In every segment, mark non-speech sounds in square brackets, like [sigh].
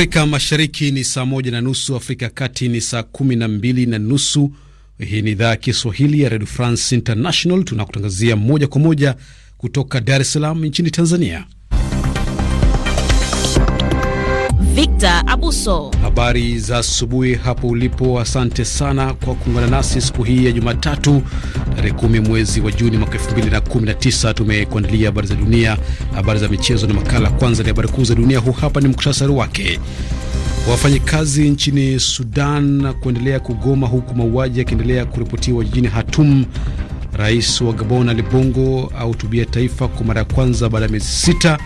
Afrika Mashariki ni saa moja na nusu, Afrika ya Kati ni saa kumi na mbili na nusu. Hii ni idhaa ya Kiswahili ya Redio France International, tunakutangazia moja kwa moja kutoka Dar es Salaam nchini Tanzania. Victor Abuso. Habari za asubuhi hapo ulipo, asante sana kwa kuungana nasi siku hii ya Jumatatu tarehe kumi mwezi wa Juni mwaka tisa. Tumekuandalia habari za dunia, habari za michezo na makala. Kwanza ni habari kuu za dunia, huu hapa ni muktasari wake. Wafanyikazi nchini Sudan kuendelea kugoma huku mauaji yakiendelea kuripotiwa jijini hatum Rais wa Gabon Ali Bongo ahutubia taifa kwa mara ya kwanza baada ya miezi sita.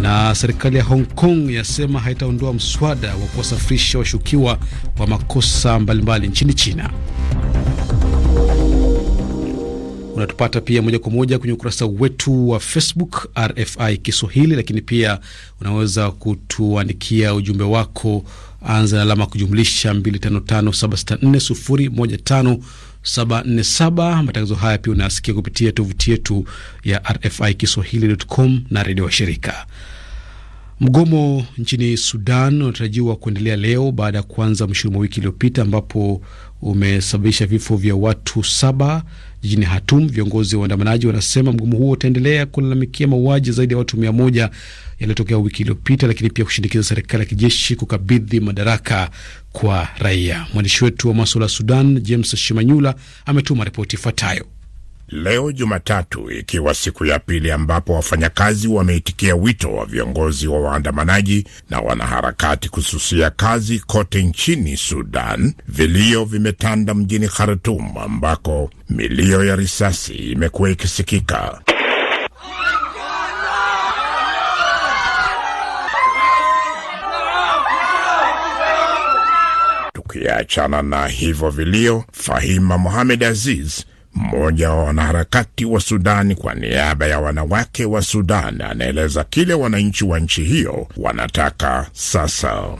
Na serikali ya Hong Kong yasema haitaondoa mswada wa kuwasafirisha washukiwa wa makosa mbalimbali nchini China. Unatupata pia moja kwa moja kwenye ukurasa wetu wa Facebook RFI Kiswahili, lakini pia unaweza kutuandikia ujumbe wako, anza na alama kujumlisha 255764015 747. Matangazo haya pia unasikia kupitia tovuti yetu ya RFI Kiswahili.com na redio washirika. Mgomo nchini Sudan unatarajiwa kuendelea leo baada ya kuanza mwishoni mwa wiki iliyopita ambapo umesababisha vifo vya watu saba jijini Hatum. Viongozi wa waandamanaji wanasema mgomo huo utaendelea kulalamikia mauaji zaidi ya watu mia moja yaliyotokea wiki iliyopita, lakini pia kushinikiza serikali ya kijeshi kukabidhi madaraka kwa raia. Mwandishi wetu wa maswala ya Sudan James Shimanyula ametuma ripoti ifuatayo. Leo Jumatatu, ikiwa siku ya pili ambapo wafanyakazi wameitikia wito wa viongozi wa waandamanaji na wanaharakati kususia kazi kote nchini Sudan, vilio vimetanda mjini khartum ambako milio ya risasi imekuwa ikisikika. Tukiachana na hivyo vilio, Fahima Mohamed Aziz mmoja wa wanaharakati wa Sudani kwa niaba ya wanawake wa Sudan anaeleza kile wananchi wa nchi hiyo wanataka sasa.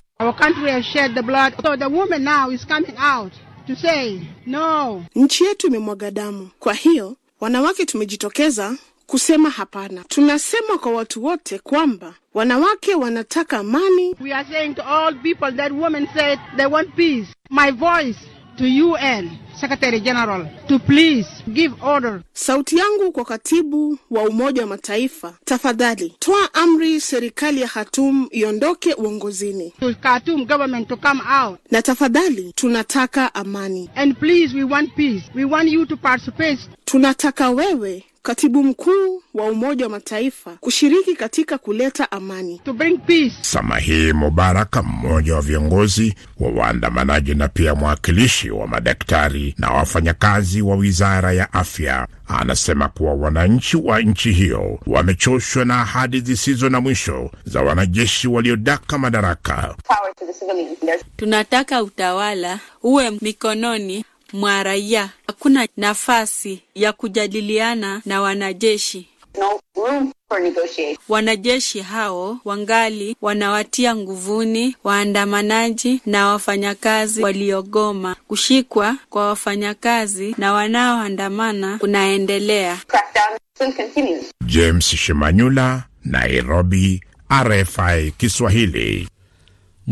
Nchi yetu imemwaga damu, kwa hiyo wanawake tumejitokeza kusema hapana. Tunasema kwa watu wote kwamba wanawake wanataka amani. We are saying to all people that women said they want peace. My voice to UN. Secretary General to please give order. Sauti yangu kwa katibu wa Umoja wa Mataifa, tafadhali toa amri serikali ya Khartoum iondoke uongozini. To Khartoum government to come out. Na tafadhali tunataka amani. And please we want peace. We want you to participate. Tunataka wewe katibu mkuu wa Umoja wa Mataifa kushiriki katika kuleta amani to bring peace. Samahi Mubaraka, mmoja wa viongozi wa waandamanaji na pia mwakilishi wa madaktari na wafanyakazi wa wizara ya afya, anasema kuwa wananchi wa nchi hiyo wamechoshwa na ahadi zisizo na mwisho za wanajeshi waliodaka madaraka. Tunataka utawala uwe mikononi mwa raia. Hakuna nafasi ya kujadiliana na wanajeshi. No room for negotiation. Wanajeshi hao wangali wanawatia nguvuni waandamanaji na wafanyakazi waliogoma. Kushikwa kwa wafanyakazi na wanaoandamana kunaendelea. James Shimanyula, Nairobi, RFI Kiswahili.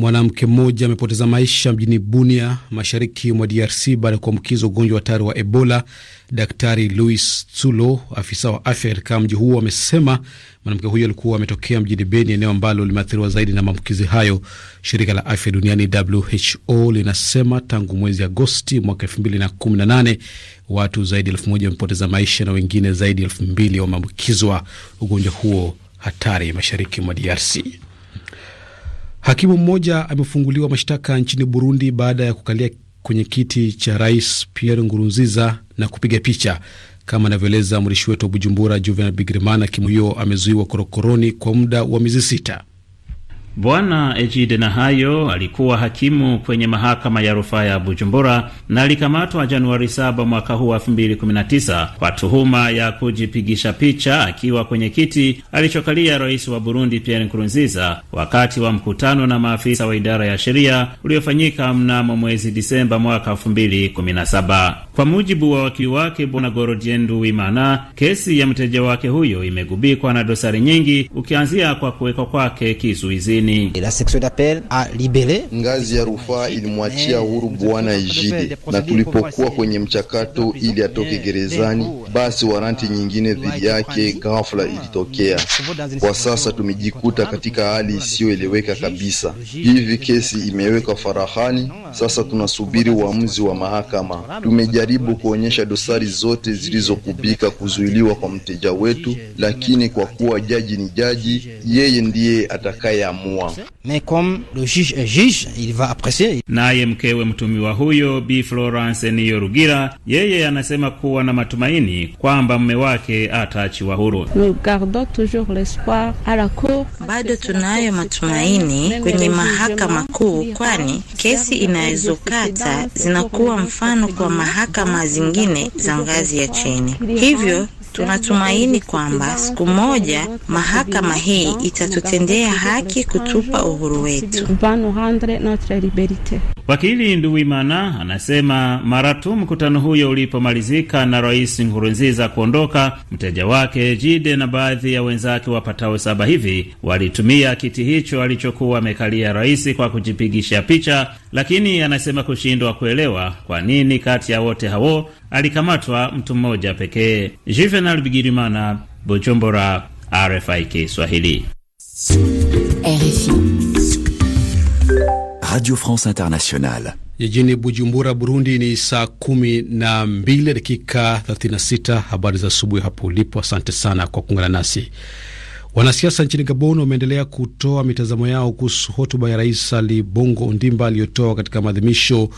Mwanamke mmoja amepoteza maisha mjini Bunia, mashariki mwa DRC baada ya kuambukizwa ugonjwa hatari wa Ebola. Daktari Louis Tsulo, afisa wa afya katika mji huo, amesema mwanamke huyo alikuwa ametokea mjini Beni, eneo ambalo limeathiriwa zaidi na maambukizi hayo. Shirika la afya duniani WHO linasema tangu mwezi Agosti mwaka 2018 watu zaidi ya elfu moja wamepoteza maisha na wengine zaidi ya elfu mbili wameambukizwa ugonjwa huo hatari mashariki mwa DRC. Hakimu mmoja amefunguliwa mashtaka nchini Burundi baada ya kukalia kwenye kiti cha rais Pierre Ngurunziza na kupiga picha, kama anavyoeleza mwandishi wetu wa Bujumbura, Juvenal Bigirimana. Hakimu huyo amezuiwa korokoroni kwa muda wa miezi sita. Bwana Ejide Nahayo alikuwa hakimu kwenye mahakama ya rufaa ya Bujumbura na alikamatwa Januari 7 mwaka huu 2019 kwa tuhuma ya kujipigisha picha akiwa kwenye kiti alichokalia rais wa Burundi Pierre Nkurunziza wakati wa mkutano na maafisa wa idara ya sheria uliofanyika mnamo mwezi Disemba mwaka 2017. Kwa mujibu wa wakili wake Bwana Gorodiendu Wimana, kesi ya mteja wake huyo imegubikwa na dosari nyingi, ukianzia kwa kuwekwa kwake kizuizi nchini. La section d'appel a Ngazi ya rufaa ilimwachia huru bwana Ejide, na tulipokuwa kwenye mchakato ili atoke gerezani, basi waranti nyingine dhidi yake ghafla ilitokea. Kwa sasa tumejikuta katika hali isiyoeleweka kabisa. Hivi kesi imewekwa farahani, sasa tunasubiri uamuzi wa, wa mahakama. Tumejaribu kuonyesha dosari zote zilizokubika kuzuiliwa kwa mteja wetu, lakini kwa kuwa jaji ni jaji, yeye ndiye atakayeamua kuamua. Naye mkewe mtumiwa huyo Bi Florence niyo rugira yeye anasema kuwa na matumaini kwamba mume wake ataachiwa huru. Bado tunayo matumaini kwenye mahakama kuu, kwani kesi inayozokata zinakuwa mfano kwa mahakama zingine za ngazi ya chini, hivyo Tunatumaini kwamba siku moja mahakama hii itatutendea haki kutupa uhuru wetu. Wakili Nduwimana anasema mara tu mkutano huyo ulipomalizika na Rais Nkurunziza kuondoka, mteja wake Jide na baadhi ya wenzake wapatao saba hivi walitumia kiti hicho alichokuwa amekalia rais kwa kujipigisha picha lakini anasema kushindwa kuelewa kwa nini kati ya wote hawo alikamatwa mtu mmoja pekee. Juvenal Bigirimana, Bujumbura, RFI Kiswahili. Radio France Internationale jijini Bujumbura, Burundi. Ni saa kumi na mbili dakika 36. Habari za asubuhi hapo ulipo. Asante sana kwa kuungana nasi. Wanasiasa nchini Gabon wameendelea kutoa mitazamo yao kuhusu hotuba ya Rais Ali Bongo Ondimba aliyotoa katika maadhimisho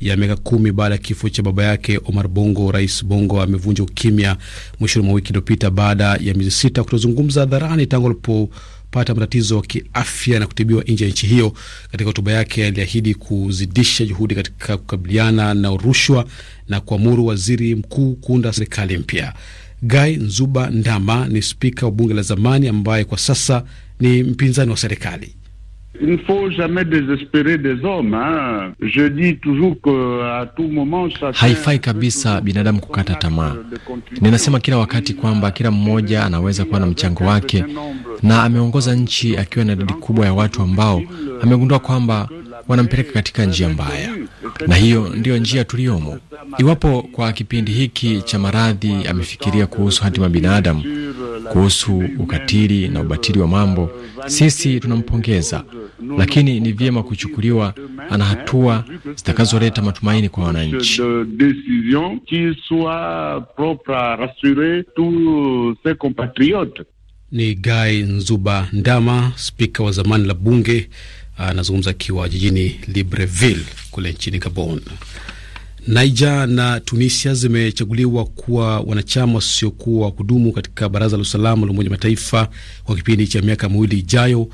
ya miaka kumi baada ya kifo cha baba yake Omar Bongo. Rais Bongo amevunja ukimya mwishoni mwa wiki iliyopita baada ya miezi sita kutozungumza hadharani tangu alipopata matatizo ya kiafya na kutibiwa nje ya nchi hiyo. Katika hotuba yake, aliahidi kuzidisha juhudi katika kukabiliana na rushwa na kuamuru waziri mkuu kuunda serikali mpya. Guy Nzuba Ndama ni spika wa bunge la zamani ambaye kwa sasa ni mpinzani wa serikali. haifai kabisa binadamu kukata tamaa. Ninasema kila wakati kwamba kila mmoja anaweza kuwa na mchango wake, na ameongoza nchi akiwa na idadi kubwa ya watu ambao amegundua kwamba wanampeleka katika njia mbaya, na hiyo ndiyo njia tuliyomo. Iwapo kwa kipindi hiki cha maradhi amefikiria kuhusu hatima binadamu, kuhusu ukatili na ubatili wa mambo, sisi tunampongeza, lakini ni vyema kuchukuliwa ana hatua zitakazoleta matumaini kwa wananchi. Ni Gai Nzuba Ndama, spika wa zamani la bunge, anazungumza akiwa jijini Libreville kule nchini Gabon. Niger na Tunisia zimechaguliwa kuwa wanachama wasiokuwa wa kudumu katika Baraza la Usalama la Umoja Mataifa kwa kipindi cha miaka miwili ijayo.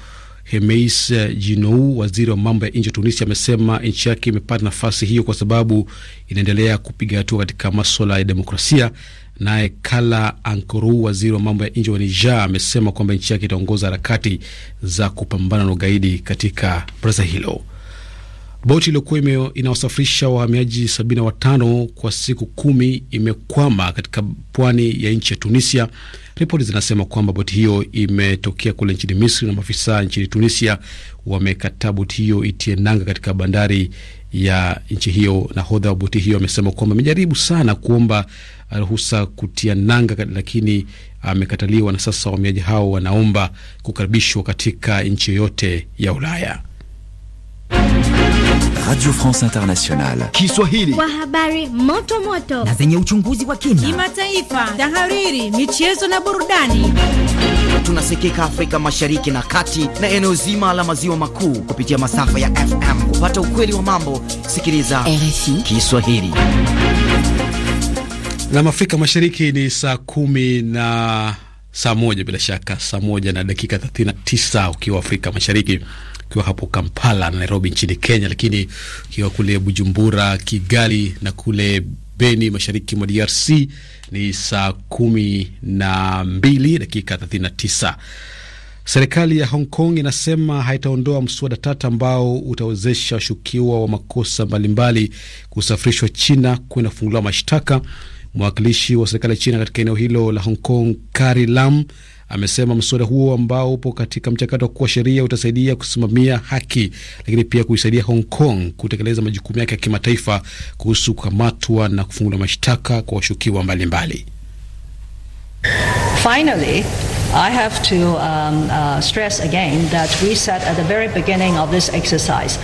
Hemeis eh, Jinou, waziri wa mambo ya nje wa Tunisia, amesema nchi yake imepata nafasi hiyo kwa sababu inaendelea kupiga hatua katika maswala ya demokrasia. Naye Kala Ankourou, waziri wa mambo ya nje wa Niger, amesema kwamba nchi yake itaongoza harakati za kupambana na ugaidi katika baraza hilo. Boti iliyokuwa inawasafirisha wahamiaji 75 kwa siku kumi imekwama katika pwani ya nchi ya Tunisia. Ripoti zinasema kwamba boti hiyo imetokea kule nchini Misri na maafisa nchini Tunisia wamekataa boti hiyo itie nanga katika bandari ya nchi hiyo. Nahodha wa boti hiyo amesema kwamba amejaribu sana kuomba ruhusa kutia nanga, lakini amekataliwa, na sasa wahamiaji hao wanaomba kukaribishwa katika nchi yoyote ya Ulaya. Radio France Internationale Kiswahili kwa habari moto moto na zenye uchunguzi wa kina, kimataifa, tahariri, michezo na burudani. Tunasikika Afrika Mashariki na Kati na eneo zima la maziwa makuu kupitia masafa ya FM. Kupata ukweli wa mambo, sikiliza RFI Kiswahili. Na Afrika Mashariki ni saa kumi na saa moja bila shaka, saa moja na dakika 39 ukiwa Afrika Mashariki ukiwa hapo Kampala na Nairobi nchini Kenya, lakini ukiwa kule Bujumbura, Kigali na kule Beni mashariki mwa DRC ni saa kumi na mbili dakika 39. Serikali ya Hong Kong inasema haitaondoa mswada tata ambao utawezesha washukiwa wa makosa mbalimbali kusafirishwa China kwenda kufunguliwa mashtaka. Mwakilishi wa serikali ya China katika eneo hilo la Hong Kong, Carrie Lam Amesema mswada huo ambao upo katika mchakato wa kuwa sheria utasaidia kusimamia haki, lakini pia kuisaidia Hong Kong kutekeleza majukumu yake ya kimataifa kuhusu kukamatwa na kufungula mashtaka kwa washukiwa mbalimbali. Finally, I have to um, uh, stress again that we said at the very beginning of this exercise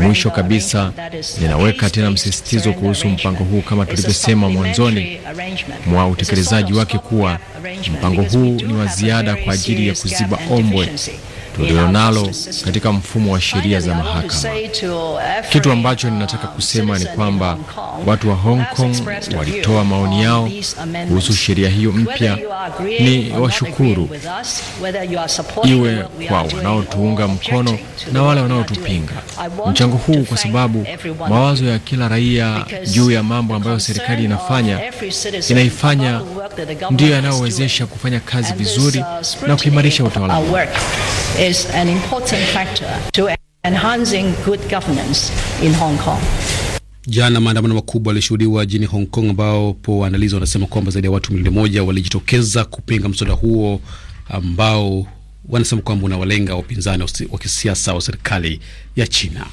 Mwisho kabisa, ninaweka tena msisitizo kuhusu mpango huu kama tulivyosema mwanzoni mwa utekelezaji wake kuwa mpango huu ni wa ziada kwa ajili ya kuziba ombwe tulilonalo katika mfumo wa sheria za mahakama. Kitu ambacho ninataka kusema ni kwamba watu wa Hong Kong walitoa maoni yao kuhusu sheria hiyo mpya. Ni washukuru, iwe kwa wanaotuunga mkono na wale wanaotupinga, mchango huu, kwa sababu mawazo ya kila raia juu ya mambo ambayo serikali inafanya inaifanya ndiyo yanayowezesha kufanya kazi vizuri na kuimarisha utawala is an important factor to enhancing good governance in Hong Kong. Jana maandamano makubwa yalishuhudiwa jini Hong Kong, ambapo waandalizi wanasema kwamba zaidi ya watu milioni moja walijitokeza kupinga mswada huo ambao wanasema kwamba unawalenga wapinzani wa kisiasa wa serikali ya China.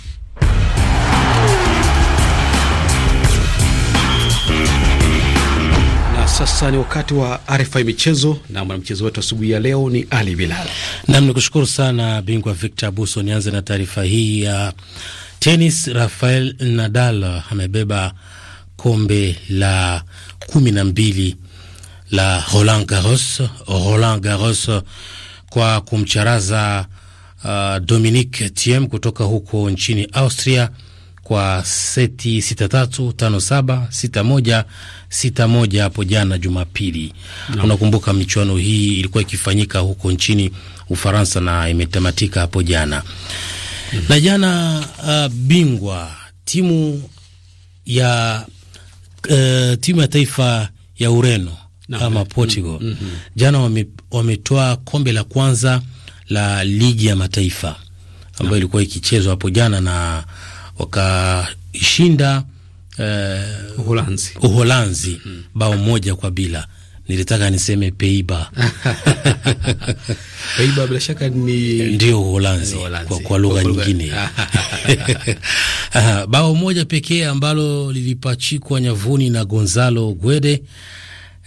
Sasa ni wakati wa RFI michezo na mwanamchezo wetu asubuhi ya leo ni Ali Bilal. Nam, kushukuru sana bingwa Victor Abuso. Nianze na taarifa hii ya uh, tenis. Rafael Nadal amebeba kombe la kumi na mbili la Roland Garros, Roland Garros kwa kumcharaza uh, Dominic Thiem kutoka huko nchini Austria kwa seti 6-3, 5-7, 6-1, 6-1 hapo jana Jumapili. No. Unakumbuka michuano hii ilikuwa ikifanyika huko nchini Ufaransa na imetamatika hapo jana. Mm -hmm. Na jana uh, bingwa timu ya uh, timu ya taifa ya Ureno no, kama okay. Portugal mm -hmm. Jana wame, wametoa kombe la kwanza la ligi ya mataifa ambayo no. ilikuwa ikichezwa hapo jana na wakashinda uh, Uholanzi, Uholanzi mm bao moja kwa bila Nilitaka niseme Peiba [laughs] Peiba bila shaka ni ndio Uholanzi kwa, kwa lugha nyingine [laughs] bao moja pekee ambalo lilipachikwa nyavuni na Gonzalo Guede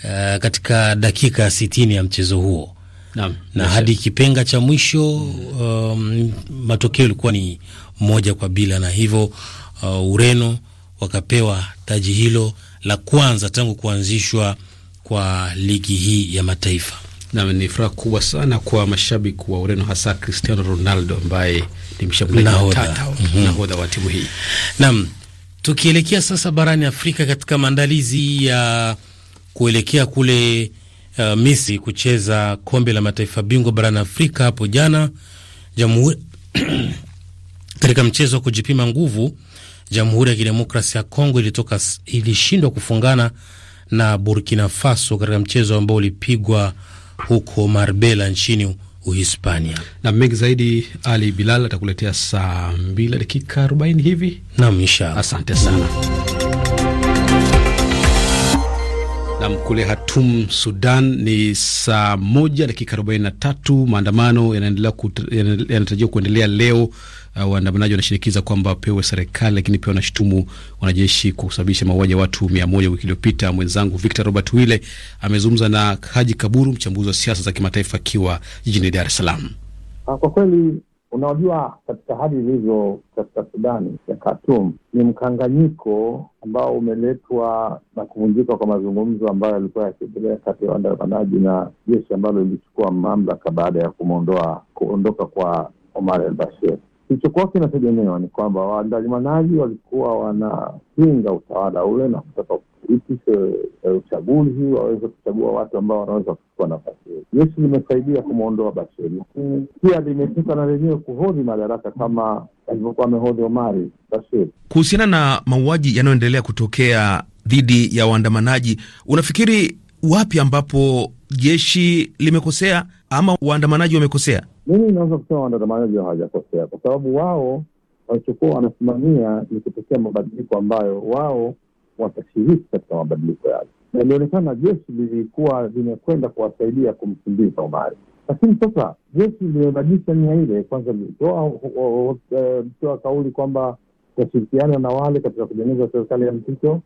uh, katika dakika ya sitini ya mchezo huo na, na hadi kipenga cha mwisho um, matokeo ilikuwa ni moja kwa bila, na hivyo uh, Ureno wakapewa taji hilo la kwanza tangu kuanzishwa kwa ligi hii ya mataifa. Na ni furaha kubwa sana kwa mashabiki wa Ureno, hasa Cristiano Ronaldo ambaye ni mshambuliaji nahodha mm -hmm. wa timu hii. Nam, tukielekea sasa barani Afrika katika maandalizi ya kuelekea kule uh, Misri kucheza kombe la mataifa bingwa barani Afrika hapo jana jamhuri [clears throat] Katika mchezo wa kujipima nguvu, Jamhuri ya Kidemokrasi ya Kongo ilitoka ilishindwa kufungana na Burkina Faso katika mchezo ambao ulipigwa huko Marbella nchini Uhispania. Na mengi zaidi Ali Bilal atakuletea saa 2 dakika arobaini hivi. Naam, inshallah. Asante sana. Kule Hatum, Sudan ni saa moja dakika arobaini na tatu. Maandamano yanatarajiwa kuendelea leo uh, waandamanaji wanashinikiza kwamba wapewe serikali, lakini pia wanashutumu wanajeshi kwa kusababisha mauaji ya watu mia moja wiki iliyopita. Mwenzangu Victor Robert Wile amezungumza na Haji Kaburu, mchambuzi wa siasa za kimataifa akiwa jijini Dar es Salaam. Ah, kwa kweli Unajua, katika hali ilivyo katika Sudani ya Khartoum ni mkanganyiko ambao umeletwa na kuvunjika kwa mazungumzo ambayo yalikuwa yakiendelea kati ya waandamanaji na jeshi ambalo lilichukua mamlaka baada ya kumwondoa kuondoka kwa Omar al Bashir. Kilichokuwa kinategemewa ni kwamba waandamanaji walikuwa wanapinga utawala ule na kutaka kuitishwe eh, uchaguzi waweze kuchagua watu ambao wanaweza kuchukua nafasi hiyo. Jeshi limesaidia kumwondoa Bashiri, lakini pia limetaka na lenyewe kuhodhi madaraka kama alivyokuwa amehodhi Omari Bashiri. Kuhusiana na mauaji yanayoendelea kutokea dhidi ya waandamanaji, unafikiri wapi ambapo jeshi limekosea ama waandamanaji wamekosea? mimi inaweza kusema waandamanaji hawajakosea, kwa sababu wao walichokuwa wanasimamia ni kutokea mabadiliko ambayo wao watashiriki katika mabadiliko yale, na ilionekana jeshi lilikuwa limekwenda kuwasaidia kumkimbiza umari Lakini sasa jeshi limebadilisha nia ile, kwanza litoa eh, kauli kwamba tutashirikiana na wale katika kujeneza serikali ya mpito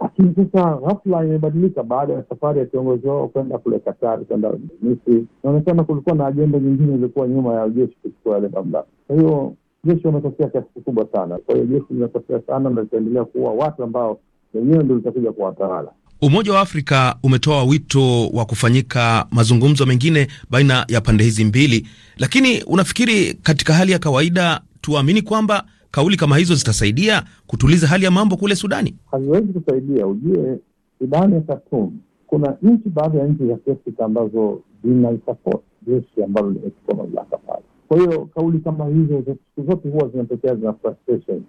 lakini sasa ghafla imebadilika baada ya safari ya kiongozi wao kwenda kule Katari, kwenda Misri. Inaonekana kulikuwa na ajenda nyingine ilikuwa nyuma ya jeshi kuchukua yale mamlaka. Kwa hiyo jeshi wamekosea kiasi kikubwa sana. Kwa hiyo jeshi limekosea sana na litaendelea kuua watu ambao wenyewe ndio litakuja kuwatawala. Umoja wa Afrika umetoa wito wa kufanyika mazungumzo mengine baina ya pande hizi mbili, lakini unafikiri katika hali ya kawaida tuamini kwamba kauli kama hizo zitasaidia kutuliza hali ya mambo kule Sudani? Haziwezi kusaidia. Ujue Sudani ya Khartoum, kuna nchi baadhi ya nchi za Kiafrika ambazo zinaisapoti jeshi ambalo limechukua mamlaka pale. Kwa hiyo kauli kama hizo siku zote huwa zinatokea zina frustration.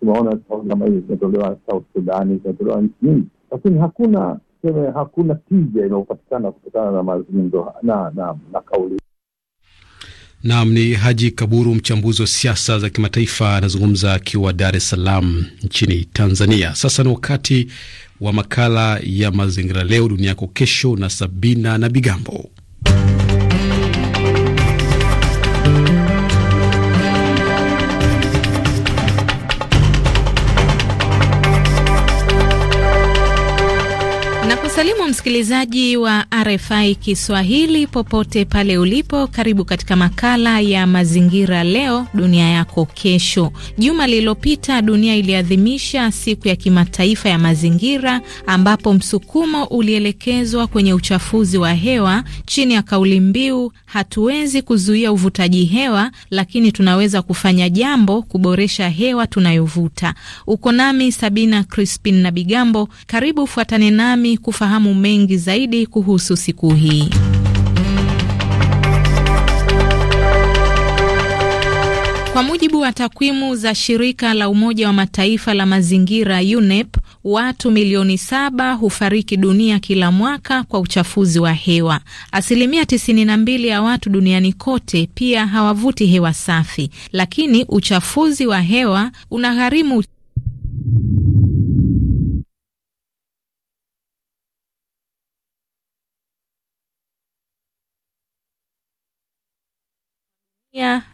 Tumeona kauli kama hizo zinatolewa South Sudani, zinatolewa nchi nyingi, lakini hakuna seme, hakuna tija inayopatikana kutokana na mazungumzo na, na, na kauli Naam, ni Haji Kaburu, mchambuzi wa siasa za kimataifa, anazungumza akiwa Dar es Salaam nchini Tanzania. Sasa ni wakati wa makala ya mazingira, leo dunia yako kesho, na Sabina na Bigambo. msikilizaji wa RFI Kiswahili popote pale ulipo, karibu katika makala ya mazingira leo dunia yako kesho. Juma lililopita dunia iliadhimisha siku ya kimataifa ya mazingira, ambapo msukumo ulielekezwa kwenye uchafuzi wa hewa chini ya kauli mbiu, hatuwezi kuzuia uvutaji hewa, lakini tunaweza kufanya jambo kuboresha hewa tunayovuta. Uko nami Sabina Crispin na Bigambo, karibu fuatane nami kufahamu mengi zaidi kuhusu siku hii. Kwa mujibu wa takwimu za shirika la Umoja wa Mataifa la mazingira UNEP, watu milioni saba hufariki dunia kila mwaka kwa uchafuzi wa hewa. Asilimia 92 ya watu duniani kote pia hawavuti hewa safi, lakini uchafuzi wa hewa unagharimu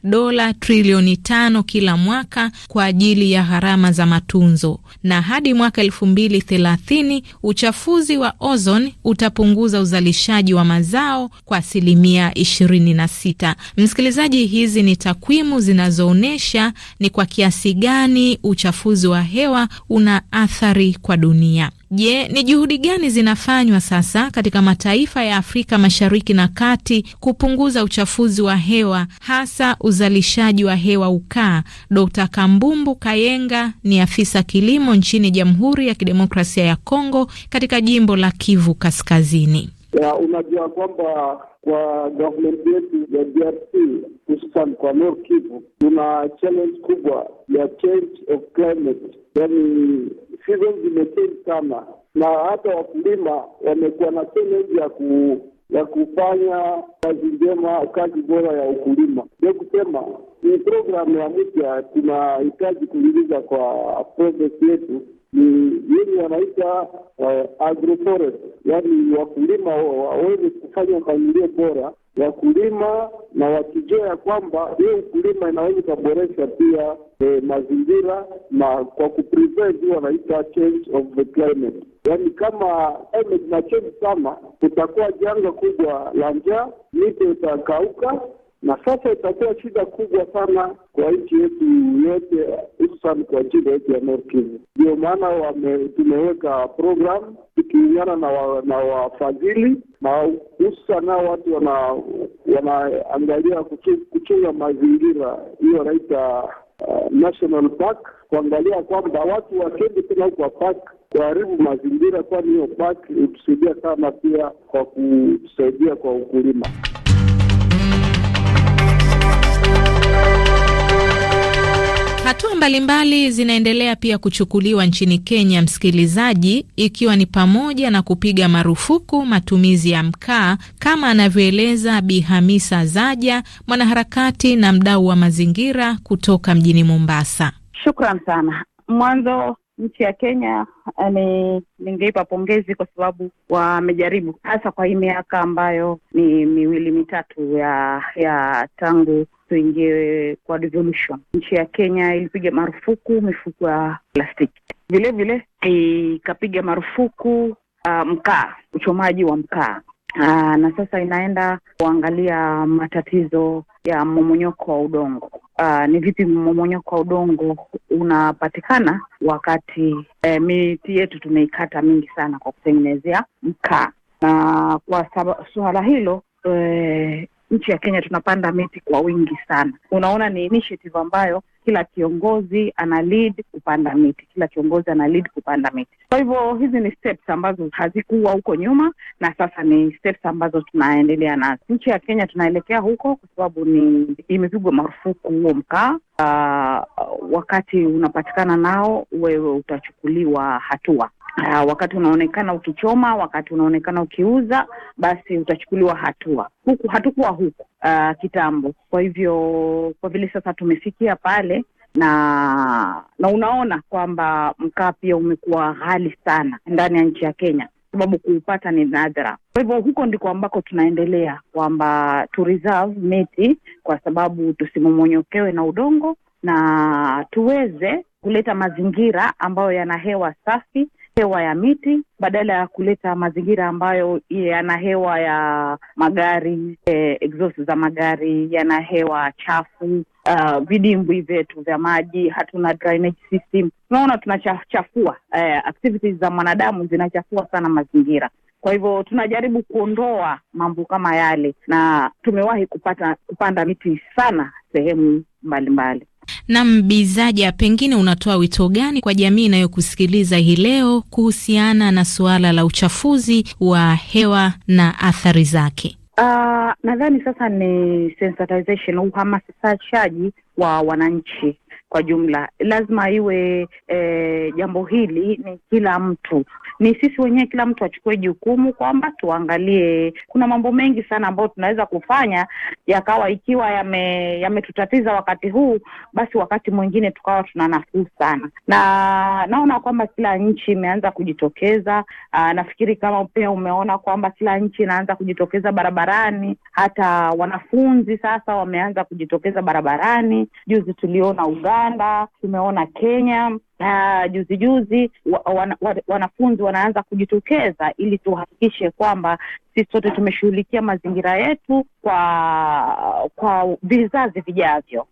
dola trilioni tano kila mwaka kwa ajili ya gharama za matunzo na hadi mwaka elfu mbili thelathini uchafuzi wa ozoni utapunguza uzalishaji wa mazao kwa asilimia ishirini na sita. Msikilizaji, hizi ni takwimu zinazoonyesha ni kwa kiasi gani uchafuzi wa hewa una athari kwa dunia. Je, ni juhudi gani zinafanywa sasa katika mataifa ya Afrika Mashariki na Kati kupunguza uchafuzi wa hewa hasa uzalishaji wa hewa ukaa? Dkt. Kambumbu Kayenga ni afisa kilimo nchini Jamhuri ya Kidemokrasia ya Kongo katika jimbo la Kivu Kaskazini. Ya, unajua kwamba kwa government yetu ya DRC hususan kwa Nord Kivu tuna challenge kubwa ya change of climate, yani hizo zimechei sana, na hata wakulima wamekuwa na challenge ya ku ya kufanya kazi njema, kazi bora ya ukulima. Ndio kusema ni programu ya mpya tunahitaji kuingiza kwa progress yetu ni yini wanaita uh, agroforest, yaani wakulima waweze kufanya mpangilio bora wakulima na wakijua ya kwamba hiyo ukulima inaweza ikaboresha pia e, mazingira na kwa kupreserve wanaita change of the climate, yaani kama climate na change sana, kutakuwa janga kubwa la njaa, mito itakauka na sasa itakuwa shida kubwa sana kwa nchi yetu yote, hususan kwa njia yetu ya North Kivu. Ndio maana tumeweka program tukiungana na wafadhili na hususan nao watu wana, wanaangalia kuchunga mazingira, hiyo wanaita uh, national park, kuangalia kwamba watu wakendi tena huko park kuharibu mazingira, kwani hiyo park hutusaidia sana pia kwa kutusaidia kwa ukulima. Hatua mbalimbali zinaendelea pia kuchukuliwa nchini Kenya, msikilizaji, ikiwa ni pamoja na kupiga marufuku matumizi ya mkaa, kama anavyoeleza Bi Hamisa Zaja, mwanaharakati na mdau wa mazingira kutoka mjini Mombasa. Shukran sana. Mwanzo nchi ya Kenya eh, ni ningeipa pongezi kwa sababu wamejaribu hasa kwa hii miaka ambayo ni miwili mitatu ya ya tangu tuingie kwa devolution. Nchi ya Kenya ilipiga marufuku mifuko ya plastiki, vilevile ikapiga marufuku uh, mkaa, uchomaji wa mkaa. uh, na sasa inaenda kuangalia matatizo ya mmomonyoko wa udongo uh, ni vipi mmomonyoko wa udongo unapatikana wakati eh, miti yetu tumeikata mingi sana kwa kutengenezea mkaa, na kwa suala hilo eh, nchi ya Kenya tunapanda miti kwa wingi sana. Unaona, ni initiative ambayo kila kiongozi ana lead kupanda miti, kila kiongozi ana lead kupanda miti. Kwa hivyo hizi ni steps ambazo hazikuwa huko nyuma, na sasa ni steps ambazo tunaendelea nazo. Nchi ya Kenya tunaelekea huko kwa sababu ni imepigwa marufuku huo mkaa. Uh, wakati unapatikana nao wewe utachukuliwa hatua. Uh, wakati unaonekana ukichoma, wakati unaonekana ukiuza, basi utachukuliwa hatua. Huku hatukuwa huku uh, kitambo. Kwa hivyo kwa vile sasa tumefikia pale na na unaona kwamba mkaa pia umekuwa ghali sana ndani ya nchi ya Kenya, sababu kuupata ni nadra. Kwa hivyo huko ndiko ambako tunaendelea kwamba tu reserve miti kwa sababu tusimomonyokewe na udongo na tuweze kuleta mazingira ambayo yana hewa safi hewa ya miti badala ya kuleta mazingira ambayo yana hewa ya magari eh, exhaust za magari yana hewa chafu. Uh, vidimbwi vyetu vya maji hatuna drainage system. Tunaona tunachafua eh, activities za mwanadamu zinachafua sana mazingira. Kwa hivyo tunajaribu kuondoa mambo kama yale, na tumewahi kupata kupanda miti sana sehemu mbalimbali mbali. Na Mbizaja, pengine unatoa wito gani kwa jamii inayokusikiliza hii leo kuhusiana na suala la uchafuzi wa hewa na athari zake? Uh, nadhani sasa ni sensitization, uhamasishaji wa wananchi kwa jumla. Lazima iwe eh, jambo hili ni kila mtu ni sisi wenyewe, kila mtu achukue jukumu kwamba tuangalie, kuna mambo mengi sana ambayo tunaweza kufanya yakawa, ikiwa yametutatiza yame wakati huu, basi wakati mwingine tukawa tuna nafuu sana, na naona kwamba kila nchi imeanza kujitokeza. Aa, ah, nafikiri kama pia umeona kwamba kila nchi inaanza kujitokeza barabarani, hata wanafunzi sasa wameanza kujitokeza barabarani. Juzi tuliona Uganda, tumeona Kenya na juzi juzi wa, wana, wanafunzi wanaanza kujitokeza ili tuhakikishe kwamba sisi sote tumeshughulikia mazingira yetu kwa kwa vizazi vijavyo.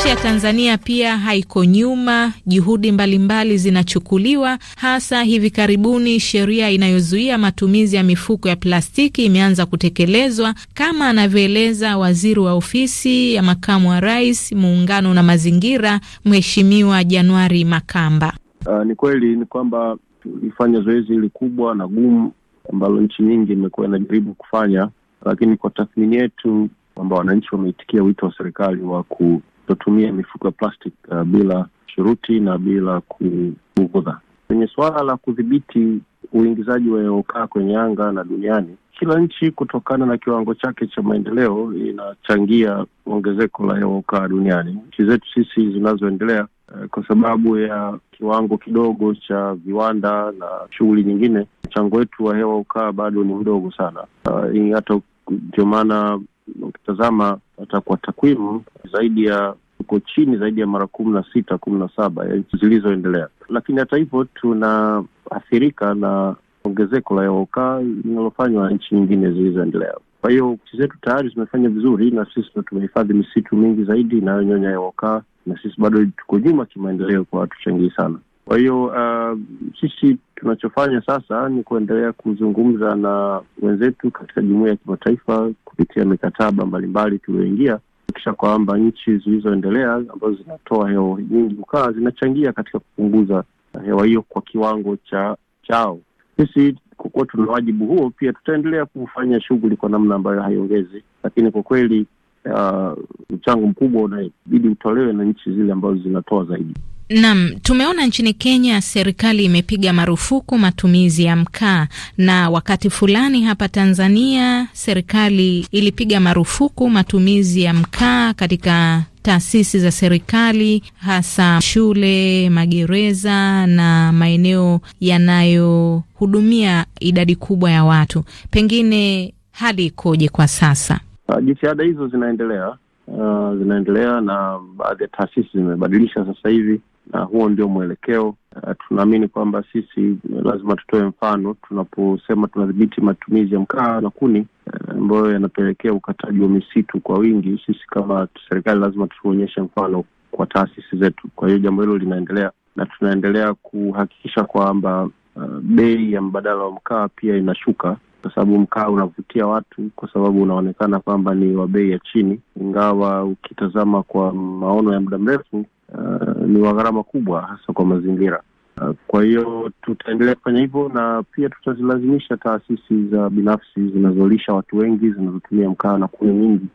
Nchi ya Tanzania pia haiko nyuma, juhudi mbalimbali zinachukuliwa, hasa hivi karibuni sheria inayozuia matumizi ya mifuko ya plastiki imeanza kutekelezwa, kama anavyoeleza waziri wa ofisi ya makamu wa rais, muungano na mazingira, Mheshimiwa Januari Makamba. Uh, ni kweli ni kwamba tulifanya zoezi hili kubwa na gumu ambalo nchi nyingi imekuwa inajaribu kufanya, lakini kwa tathmini yetu kwamba wananchi wameitikia wito wa serikali wa ku kutotumia mifuko ya plastic uh, bila shuruti na bila kuugudha Kwenye suala la kudhibiti uingizaji wa eokaa kwenye anga na duniani, kila nchi kutokana na kiwango chake cha maendeleo inachangia ongezeko la eokaa duniani. Nchi zetu sisi zinazoendelea uh, kwa sababu ya kiwango kidogo cha viwanda na shughuli nyingine, mchango wetu wa hewa ukaa bado ni mdogo sana. Uh, hata uh, ndio maana ukitazama hata kwa takwimu zaidi ya uko chini zaidi ya mara kumi na sita kumi na saba ya nchi zilizoendelea. Lakini hata hivyo tunaathirika na ongezeko la hewa linalofanywa nchi nyingine zilizoendelea. Kwa hiyo nchi zetu tayari zimefanya vizuri, na sisi ndo tumehifadhi misitu mingi zaidi inayonyonya hewa na sisi bado tuko nyuma kimaendeleo kwa watu sana. Kwa hiyo uh, sisi tunachofanya sasa ni kuendelea kuzungumza na wenzetu katika jumuia ya kimataifa kupitia mikataba mbalimbali tulioingia, kisha kwamba nchi zilizoendelea ambazo zinatoa hewa nyingi ukaa zinachangia katika kupunguza hewa hiyo kwa kiwango cha chao. Sisi kwa kuwa tuna wajibu huo, pia tutaendelea kufanya shughuli kwa namna ambayo haiongezi, lakini kwa kweli uh, mchango uh, mkubwa unabidi utolewe na nchi zile ambazo zinatoa zaidi nam tumeona nchini Kenya serikali imepiga marufuku matumizi ya mkaa, na wakati fulani hapa Tanzania serikali ilipiga marufuku matumizi ya mkaa katika taasisi za serikali hasa shule, magereza na maeneo yanayohudumia idadi kubwa ya watu. Pengine hali ikoje kwa sasa? Uh, jitihada hizo zinaendelea, uh, zinaendelea na baadhi ya taasisi zimebadilisha sasa hivi na huo ndio mwelekeo. Uh, tunaamini kwamba sisi eh, lazima tutoe mfano tunaposema tunadhibiti matumizi ya mkaa na kuni eh, ambayo uh, yanapelekea ukataji wa misitu kwa wingi. Sisi kama serikali lazima tuonyeshe mfano kwa taasisi zetu. Kwa hiyo jambo hilo linaendelea na tunaendelea kuhakikisha kwamba uh, bei ya mbadala wa mkaa pia inashuka kwa sababu mkaa unavutia watu kwa sababu unaonekana kwamba ni wa bei ya chini, ingawa ukitazama kwa maono ya muda mrefu uh, ni wa gharama kubwa hasa kwa mazingira. Uh, kwa hiyo tutaendelea kufanya hivyo na pia tutazilazimisha taasisi za binafsi zinazolisha watu wengi zinazotumia mkaa na kuni nyingi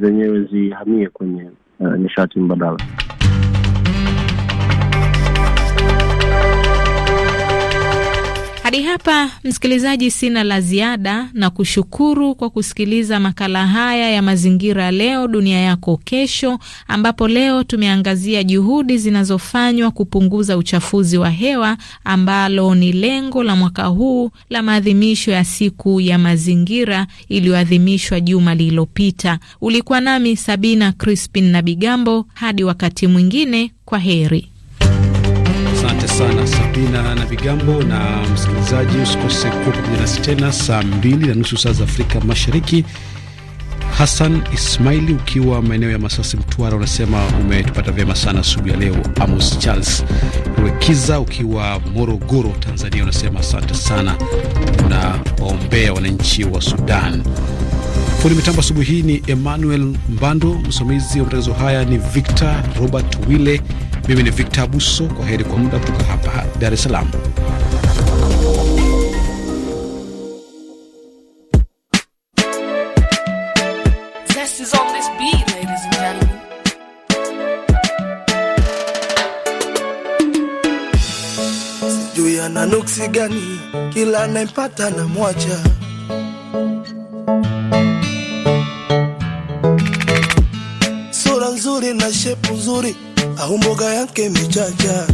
zenyewe zihamie kwenye uh, nishati mbadala. Hadi hapa msikilizaji, sina la ziada na kushukuru kwa kusikiliza makala haya ya mazingira leo dunia yako kesho, ambapo leo tumeangazia juhudi zinazofanywa kupunguza uchafuzi wa hewa ambalo ni lengo la mwaka huu la maadhimisho ya siku ya mazingira iliyoadhimishwa juma lililopita. Ulikuwa nami Sabina Crispin na Bigambo. Hadi wakati mwingine, kwa heri sana Sabina na Vigambo. Na msikilizaji, usikose kuwa pamoja nasi tena saa mbili na nusu saa za Afrika Mashariki. Hassan Ismaili ukiwa maeneo ya Masasi, Mtwara, unasema umetupata vyema sana asubuhi ya leo. Amos Charles wekiza ukiwa Morogoro, Tanzania, unasema asante sana, unawaombea wananchi wa Sudan. Fundi mitambo asubuhi hii ni Emmanuel Mbando, msimamizi wa matangazo haya ni Victor Robert Wille. Mimi ni Victor Abuso, kwa heri kwa muda kutoka hapa Dar es Salaam. Sijui ana nuksi gani, kila anayempata na mwacha sura nzuri na shepu nzuri au mboga yake michacha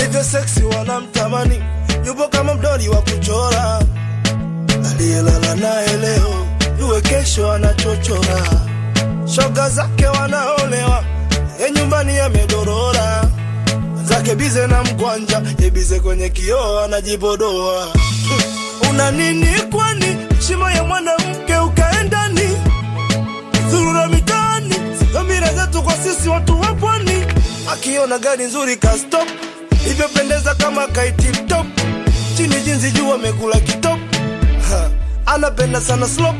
alivyo seksi wanamtamani yupo kama mdoli wa kuchora aliyelala naye leo yuwe kesho anachochora shoga zake wanaolewa ye nyumbani yamedorora zake bize na mkwanja yebize kwenye kioo anajibodoa [laughs] una nini kwani shimo ya mwanamke kudhurura mitaani, dhamira zetu kwa sisi watu wa pwani. Akiona gari nzuri ka stop, ivyopendeza kama kai tip top, chini jinzi juu amekula kitop, anapenda sana slop,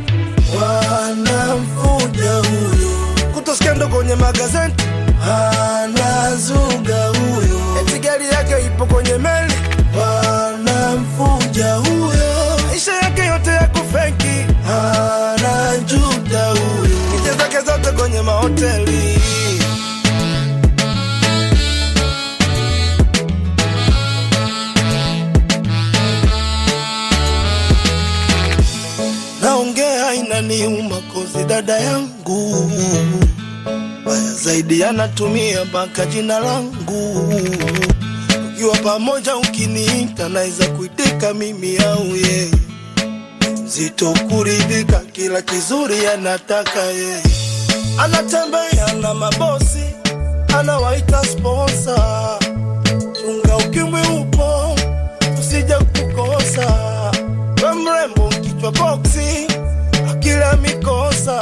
wanamfuja huyo, kutosikia ndo kwenye magazeti, anazuga huyo, eti gari yake ipo kwenye hospitali. Naongea inaniuma kozi, dada yangu baya zaidi, anatumia mpaka jina langu. Ukiwa pamoja ukiniita, naweza kuitika mimi au yeye, mzito kuridhika, kila kizuri anataka yeye anatembea na mabosi, anawaita sponsa. Chunga ukimwi upo, usije kukosa. We mrembo, kichwa boksi, akila mikosa,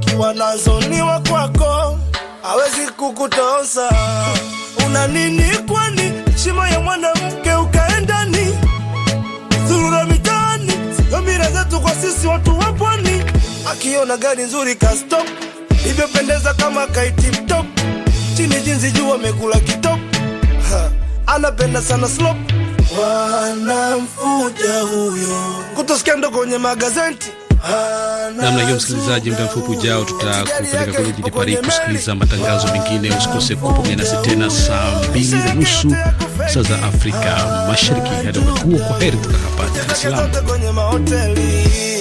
kiwa nazoniwa kwako, awezi kukutosa. Una nini kwani? Heshima ya mwanamke ukaendani, zurura mitaani, sio zetu kwa sisi watu wa pwani. Akiona gari nzuri kastop hivyo pendeza kama kai tip top chini jinsi juu amekula kitop ha, anapenda sana slop wanamfuja huyo kutosikia ndo kwenye magazeti namna hiyo, msikilizaji, muda mfupi ujao tutakupeleka kule jijini Paris kusikiliza matangazo mengine. Usikose kupokea nasi tena saa mbili na nusu saa za Afrika Mashariki. Hadi wakati huo, kwa heri kutoka hapa Dar es Salaam.